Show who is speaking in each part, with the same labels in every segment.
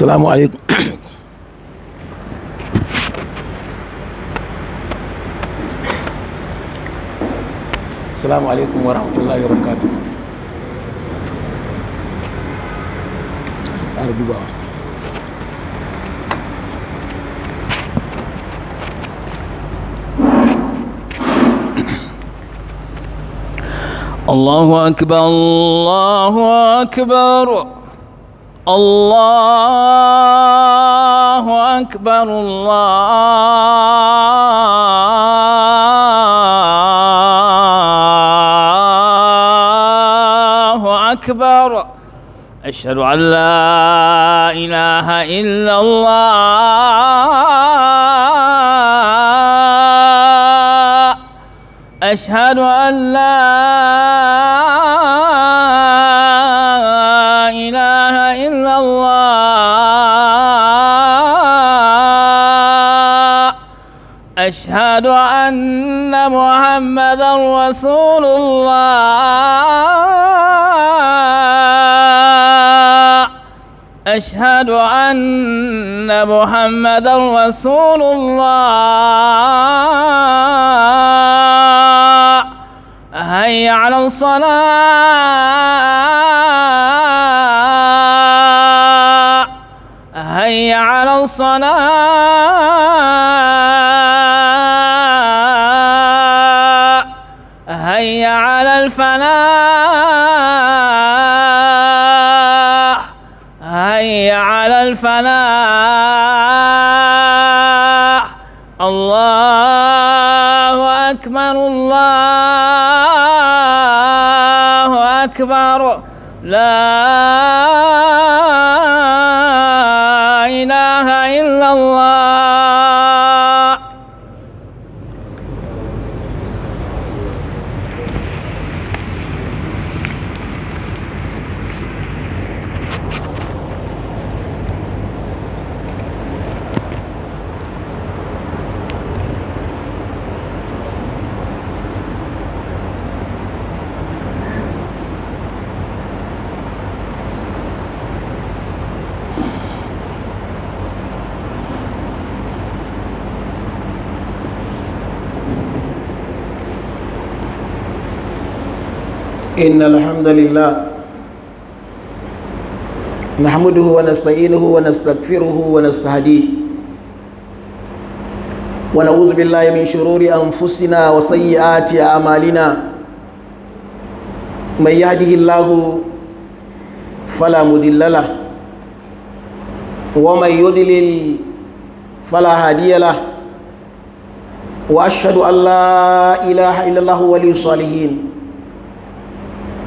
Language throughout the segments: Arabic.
Speaker 1: السلام عليكم السلام عليكم ورحمة الله وبركاته أربعة
Speaker 2: الله أكبر الله أكبر الله أكبر الله أكبر أشهد أن لا إله إلا الله أشهد أن لا أشهد ان محمدا رسول الله اشهد ان محمدا رسول الله هيا على الصلاه هيا على الصلاه هيا على الفلاح هيا على الفلاح الله أكبر الله أكبر لا إله إلا الله
Speaker 1: إن الحمد لله نحمده ونستعينه ونستغفره ونستهديه ونعوذ بالله من شرور أنفسنا وسيئات أعمالنا من يهده الله فلا مضل له ومن يضلل فلا هادي له وأشهد أن لا إله إلا الله ولي الصالحين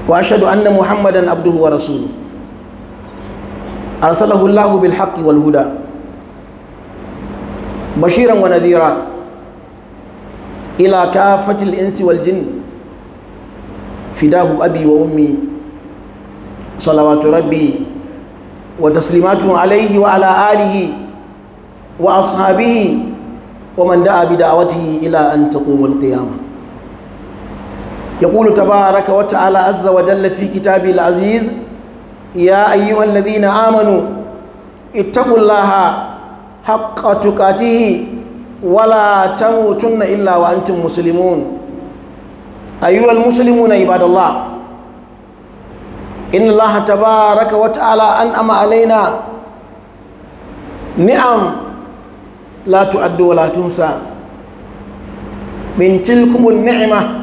Speaker 1: وأشهد أن محمدا عبده ورسوله أرسله الله بالحق والهدى بشيرا ونذيرا إلى كافة الإنس والجن فداه أبي وأمي صلوات ربي وتسليماته عليه وعلى آله وأصحابه ومن دعا بدعوته إلى أن تقوم القيامة يقول تبارك وتعالى عز وجل في كتابه العزيز يا أيها الذين آمنوا اتقوا الله حق تقاته ولا تموتن إلا وأنتم مسلمون أيها المسلمون عباد الله إن الله تبارك وتعالى أنعم علينا نعم لا تؤد ولا تنسى من تلكم النعمه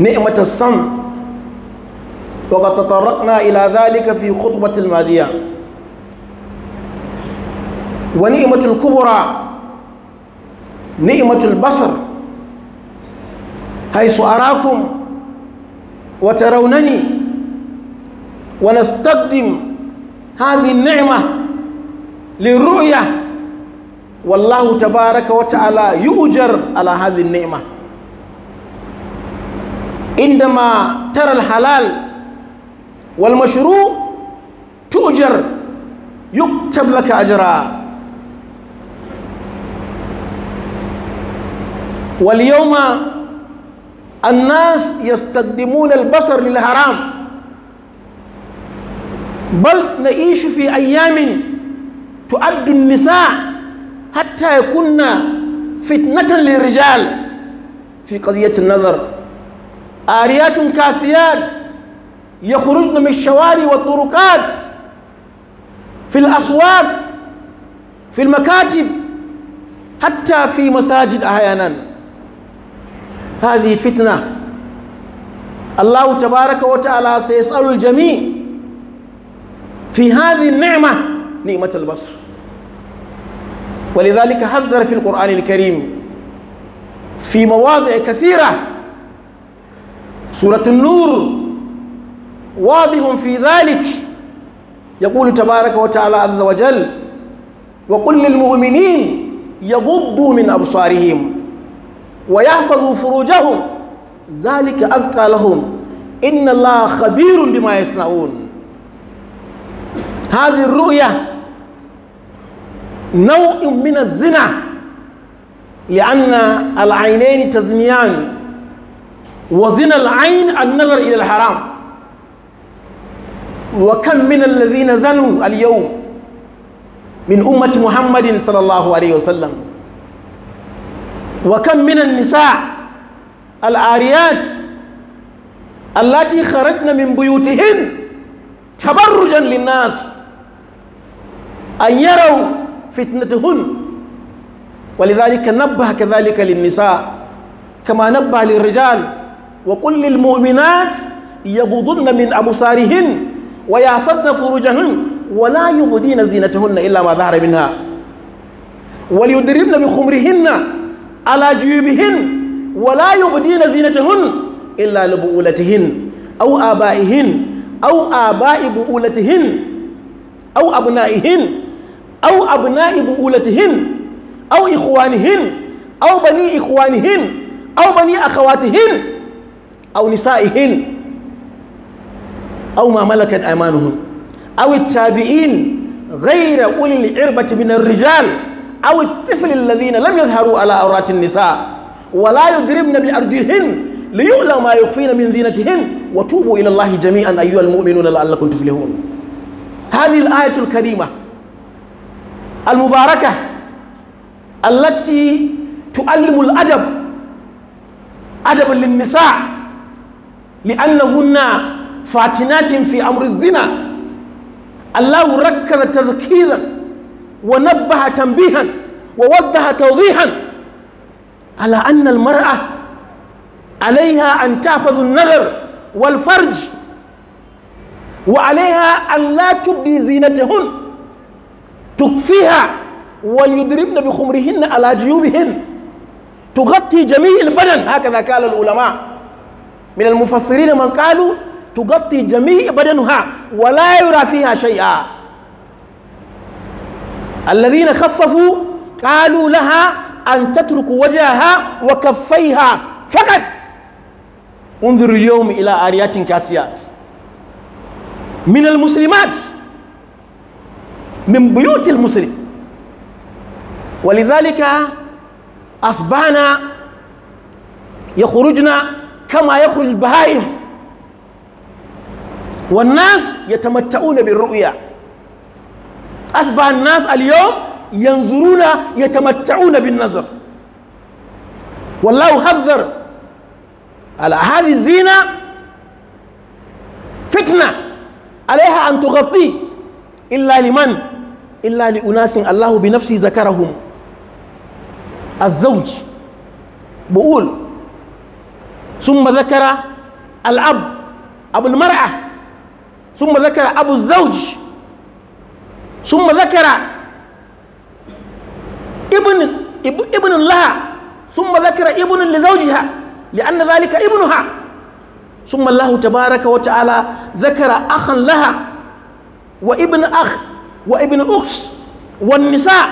Speaker 1: نعمة السمع وقد تطرقنا إلى ذلك في خطبة الماضية ونعمة الكبرى نعمة البصر حيث أراكم وترونني ونستقدم هذه النعمة للرؤية والله تبارك وتعالى يؤجر على هذه النعمة عندما ترى الحلال والمشروع تؤجر يكتب لك أجرا واليوم الناس يستخدمون البصر للحرام بل نعيش في أيام تؤد النساء حتى يكون فتنة للرجال في قضية النظر آريات كاسيات يخرجن من الشوارع والطرقات في الأسواق في المكاتب حتى في مساجد أحيانا هذه فتنة الله تبارك وتعالى سيسأل الجميع في هذه النعمة نعمة البصر ولذلك حذر في القرآن الكريم في مواضع كثيرة سورة النور واضح في ذلك يقول تبارك وتعالى عز وجل وقل للمؤمنين يغضوا من أبصارهم ويحفظوا فروجهم ذلك أزكى لهم إن الله خبير بما يصنعون هذه الرؤية نوع من الزنا لأن العينين تزنيان وزن العين النظر إلى الحرام وكم من الذين زنوا اليوم من أمة محمد صلى الله عليه وسلم وكم من النساء العاريات التي خرجن من بيوتهن تبرجا للناس أن يروا فتنتهن ولذلك نبه كذلك للنساء كما نبه للرجال وقل للمؤمنات يغضن من أبصارهن ويحفظن فروجهن ولا يبدين زينتهن إلا ما ظهر منها وليدربن بخمرهن على جيوبهن ولا يبدين زينتهن إلا لبؤولتهن أو آبائهن أو آباء بؤولتهن أو أبنائهن أو أبناء بؤولتهن أو إخوانهن أو بني إخوانهن أو بني أخواتهن أو نسائهن أو ما ملكت أيمانهن أو التابعين غير أولي العربة من الرجال أو الطفل الذين لم يظهروا على عورات النساء ولا يضربن بأرجلهن ليعلم ما يخفين من زينتهن وتوبوا إلى الله جميعا أيها المؤمنون لعلكم تفلحون هذه الآية الكريمة المباركة التي تعلم الأدب أدبا للنساء لأنهن فاتنات في أمر الزنا الله ركز تذكيرا ونبه تنبيها ووضح توضيحا على أن المرأة عليها أن تحفظ النظر والفرج وعليها أن لا تبدي زينتهن تكفيها وليضربن بخمرهن على جيوبهن تغطي جميع البدن هكذا قال العلماء من المفسرين من قالوا تغطي جميع بدنها ولا يرى فيها شيئا الذين خففوا قالوا لها أن تترك وجهها وكفيها فقط انظر اليوم إلى آريات كاسيات من المسلمات من بيوت المسلم ولذلك أصبحنا يخرجنا كما يخرج البهائم والناس يتمتعون بالرؤيا أصبح الناس اليوم ينظرون يتمتعون بالنظر والله حذر على هذه الزينة فتنة عليها أن تغطي إلا لمن إلا لأناس الله بنفسه ذكرهم الزوج بقول ثم ذكر الأب أبو المرأة ثم ذكر أبو الزوج ثم ذكر ابن ابن لها ثم ذكر ابن لزوجها لأن ذلك ابنها ثم الله تبارك وتعالى ذكر أخا لها وابن أخ وابن أخت والنساء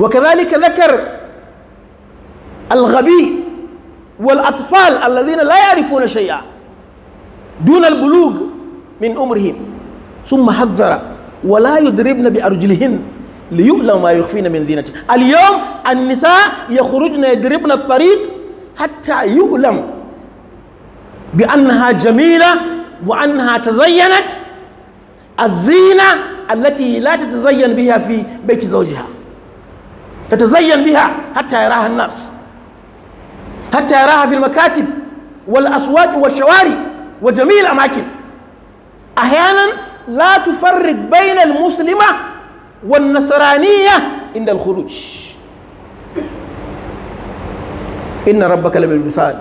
Speaker 1: وكذلك ذكر الغبي والأطفال الذين لا يعرفون شيئا دون البلوغ من أمرهم ثم حذر ولا يضربن بأرجلهن ليؤلم ما يخفين من زينته اليوم النساء يخرجن يضربن الطريق حتى يؤلم بأنها جميلة وأنها تزينت الزينة التي لا تتزين بها في بيت زوجها تتزين بها حتى يراها الناس حتى يراها في المكاتب والأسواق والشوارع وجميع الأماكن أحيانا لا تفرق بين المسلمة والنصرانية عند الخروج إن ربك لبالمرصاد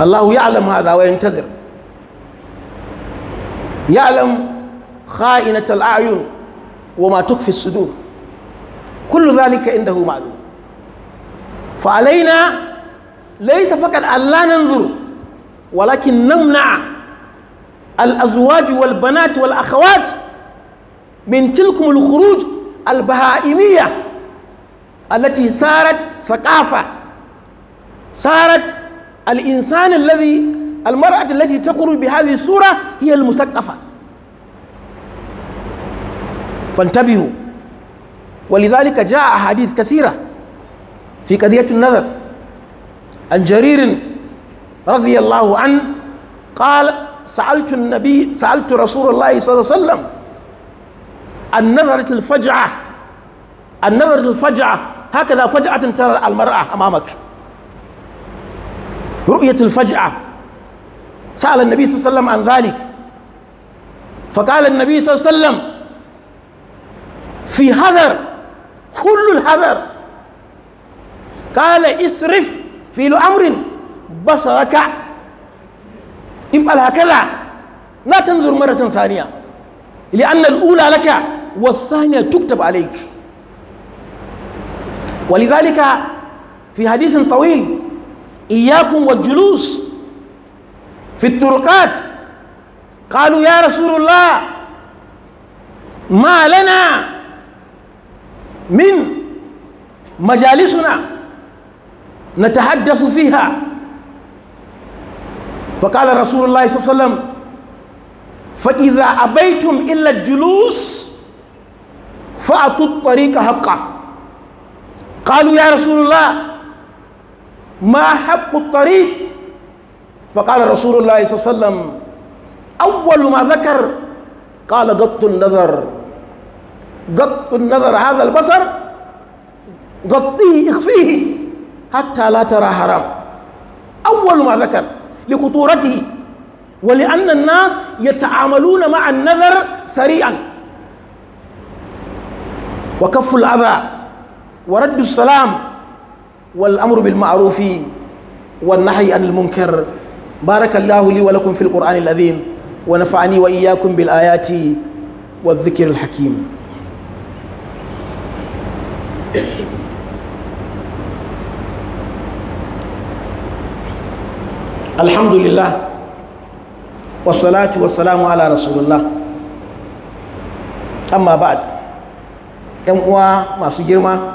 Speaker 1: الله يعلم هذا وينتظر يعلم خائنة الأعين وما تخفي الصدور كل ذلك عنده معلوم فعلينا ليس فقط أن لا ننظر ولكن نمنع الأزواج والبنات والأخوات من تلكم الخروج البهائمية التي صارت ثقافة صارت الإنسان الذي المرأة التي تخرج بهذه الصورة هي المثقفة فانتبهوا ولذلك جاء أحاديث كثيرة في قضية النذر عن جرير رضي الله عنه قال سألت النبي سألت رسول الله صلى الله عليه وسلم عن نذرة الفجعة عن نذرة الفجعة هكذا فجعة ترى المرأة أمامك رؤية الفجعة سأل النبي صلى الله عليه وسلم عن ذلك فقال النبي صلى الله عليه وسلم في هذر كل الهذر قال اسرف في امر بصرك افعل هكذا لا تنظر مره ثانيه لان الاولى لك والثانيه تكتب عليك ولذلك في حديث طويل اياكم والجلوس في الطرقات قالوا يا رسول الله ما لنا من مجالسنا نتحدث فيها فقال رسول الله صلى الله عليه وسلم فإذا أبيتم إلا الجلوس فأتوا الطريق حقه قالوا يا رسول الله ما حق الطريق فقال رسول الله صلى الله عليه وسلم أول ما ذكر قال قط النظر قط النظر هذا البصر غطيه اخفيه حتى لا ترى حرام أول ما ذكر لخطورته ولأن الناس يتعاملون مع النذر سريعا وكف الأذى ورد السلام والأمر بالمعروف والنهي عن المنكر بارك الله لي ولكم في القرآن العظيم ونفعني وإياكم بالآيات والذكر الحكيم الحمد لله والصلاة والسلام على رسول الله أما بعد 'yan ما masu